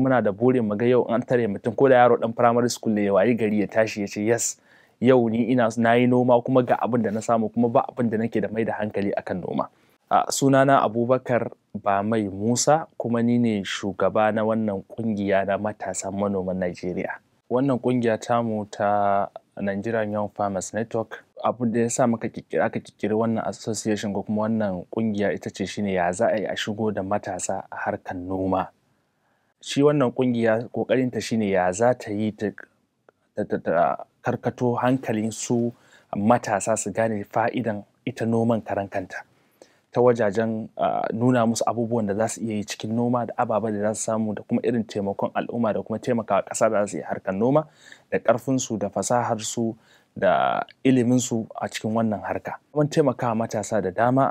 muna da burin mu ga yau an tare mutum ko da yaro dan primary school ne ya wayi gari ya tashi ya ce yes yau ni ina na yi noma kuma ga abin da na samu kuma ba abin da nake da mai da hankali akan noma a sunana abubakar ba mai musa kuma ni ne shugaba na wannan kungiya na matasan manoman najeriya wannan kungiya tamu ta nigerian young farmers network abu da ya sa muka aka kikiri wannan association ko kuma wannan kungiya ita ce shine ya za a yi a shigo da matasa a harkar noma shi wannan kungiya kokarinta shine ya za ta yi ta karkato hankalin su matasa su gane fa'idan ita noman karan kanta ta wajajen nuna musu abubuwan da za su iya yi cikin noma da ababen da za su samu da kuma irin taimakon al'umma da kuma taimakawa ƙasa da za su yi harkar noma da ƙarfinsu da fasaharsu da iliminsu a cikin wannan harka. Mun taimakawa matasa da dama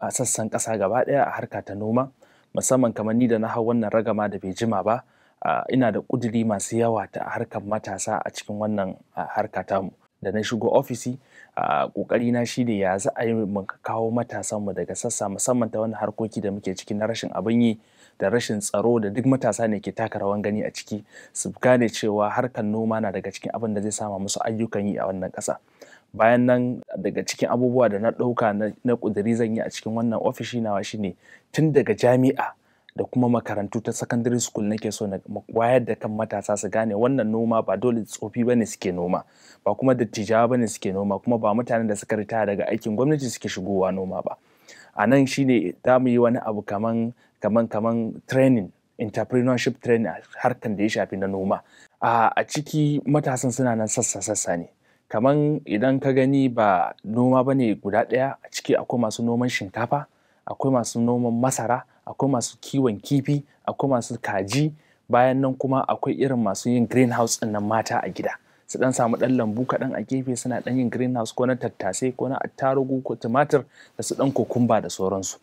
a sassan ƙasa gaba ɗaya a harka ta noma. musamman kamar ni da na hau wannan ragama da bai jima ba ina da ƙudiri masu yawa ta harkar matasa a cikin wannan harka tamu da na shigo ofisi a kokari na shi ne ya za a yi mu kawo matasanmu daga sassa musamman ta wani harkoki da muke ciki na rashin abin yi da rashin tsaro da duk matasa ne ke taka rawan gani a ciki su gane cewa harkar noma na daga cikin abin da zai sama musu ayyukan yi a wannan ƙasa. bayan nan daga cikin abubuwa da na ɗauka na ƙudiri zan yi a cikin wannan ofishi nawa shine tun daga jami'a da kuma makarantu ta secondary school nake so na wayar da kan matasa su gane wannan noma ba dole tsofi ba ne suke noma ba kuma dattijawa ba ne suke noma kuma ba mutanen da suka ritaya daga aikin gwamnati suke shigowa noma ba a nan shine za mu yi wani abu kaman kaman kaman training entrepreneurship training harkan da ya shafi na noma a ciki matasan suna nan sassa sassa ne kaman idan ka gani ba noma ba ne guda ɗaya a ciki akwai masu noman shinkafa akwai masu noman masara akwai masu kiwon kifi akwai masu kaji bayan nan kuma akwai irin masu yin greenhouse ɗin nan mata a gida su ɗan samu ɗan lambu kaɗan a gefe suna ɗan yin greenhouse ko na tattasai ko na attarugu ko tumatir da su ɗan kokumba da sauransu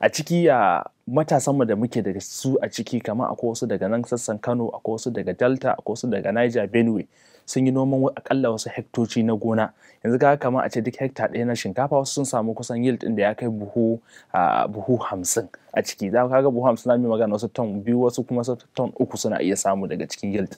a ciki a mu da muke da su a ciki kamar akwai wasu daga nan sassan kano akwai wasu daga delta akwai wasu daga niger benue sun yi noman akalla wasu hektoci na gona yanzu ga kamar a ce duk hekta ɗaya na shinkafa wasu sun samu kusan yield ɗin da ya kai buhu buhu hamsin a ciki za ka ga buhu hamsin zamu magana wasu ton biyu wasu kuma wasu ton uku suna iya samu daga cikin yield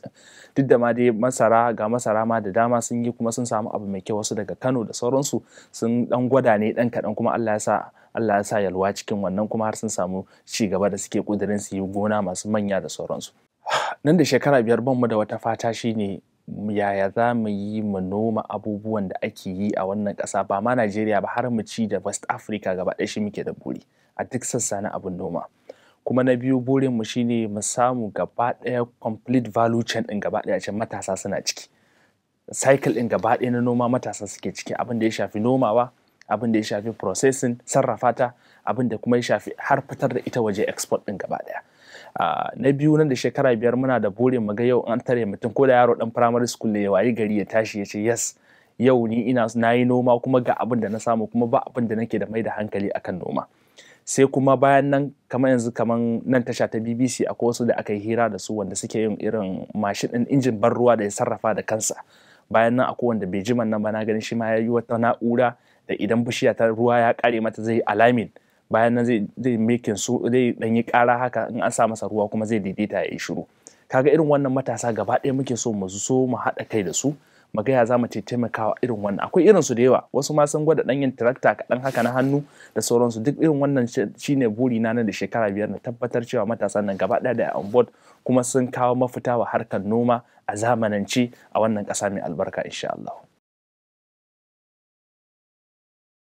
duk da ma dai masara ga masara ma da dama sun yi kuma sun samu abu mai kyau wasu daga Kano da sauransu sun dan gwada ne dan kaɗan kuma Allah ya sa Allah ya sa yalwa cikin wannan kuma har sun samu ci gaba da suke kudirin su yi gona masu manya da sauransu nan da shekara biyar ban mu da wata fata shine yaya za mu yi mu noma abubuwan da ake yi a wannan ƙasa ba ma Najeriya ba har mu ci da West Africa gaba ɗaya shi muke da buri a duk sassa na abin noma. Kuma na biyu burin mu shine mu samu gaba ɗaya complete value chain ɗin gaba ɗaya ce matasa suna ciki. Cycle ɗin gaba ɗaya na noma matasa suke ciki abin da ya shafi nomawa, abin da ya shafi processing, sarrafata, ta, abin da kuma ya shafi har fitar da ita waje export ɗin gaba ɗaya. na biyu nan da shekara biyar muna da burin mu ga yau an tare mutum ko da yaro dan primary school ne wayi gari ya tashi ya ce yes yau ni ina na yi noma kuma ga abin da na samu kuma ba abin da nake da mai da hankali akan noma sai kuma bayan nan kamar yanzu kamar nan tasha ta BBC akwai wasu da aka yi hira da su wanda suke yin irin mashin din injin ban ruwa da ya sarrafa da kansa bayan nan akwai wanda bai jiman nan ba na ganin shi ma ya yi wata na'ura da idan bishiya ta ruwa ya kare mata zai alamin bayan nan zai mekin su zai dan yi ƙara haka in an sa masa ruwa kuma zai daidaita ya yi shiru kaga irin wannan matasa gaba ɗaya muke so mu so mu haɗa kai da su mu ga ya za mu taimakawa irin wannan akwai irin su da yawa wasu ma sun gwada ɗanyen tarakta kaɗan haka na hannu da sauransu duk irin wannan shine buri na na da shekara biyar na tabbatar cewa matasan nan gaba ɗaya da on board kuma sun kawo mafita wa harkar noma a zamanance a wannan ƙasa mai albarka insha Allah.